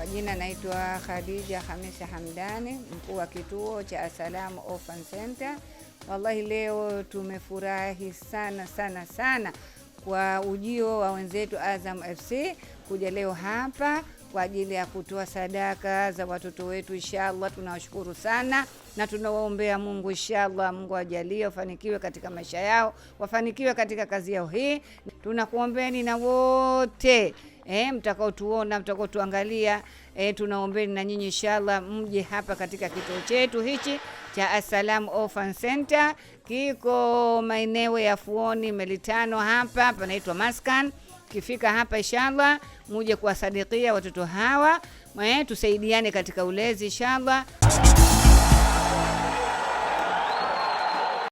Kwa jina naitwa Khadija Hamisi Hamdani, mkuu wa kituo cha Asalam Orphan Center. Wallahi leo tumefurahi sana sana sana kwa ujio wa wenzetu Azam FC kuja leo hapa kwa ajili ya kutoa sadaka za watoto wetu. Inshallah, tunawashukuru sana na tunawaombea Mungu, inshallah Mungu ajalie wafanikiwe katika maisha yao, wafanikiwe katika kazi yao hii. Tunakuombeni na wote E, mtakaotuona mtakaotuangalia, e, tunaombeni na nyinyi inshallah, mje hapa katika kituo chetu hichi cha Asalam Orphan Center, kiko maeneo ya Fuoni Melitano, hapa panaitwa Maskan kifika hapa inshallah, muje kuwasadikia watoto hawa, eh, tusaidiane katika ulezi inshallah.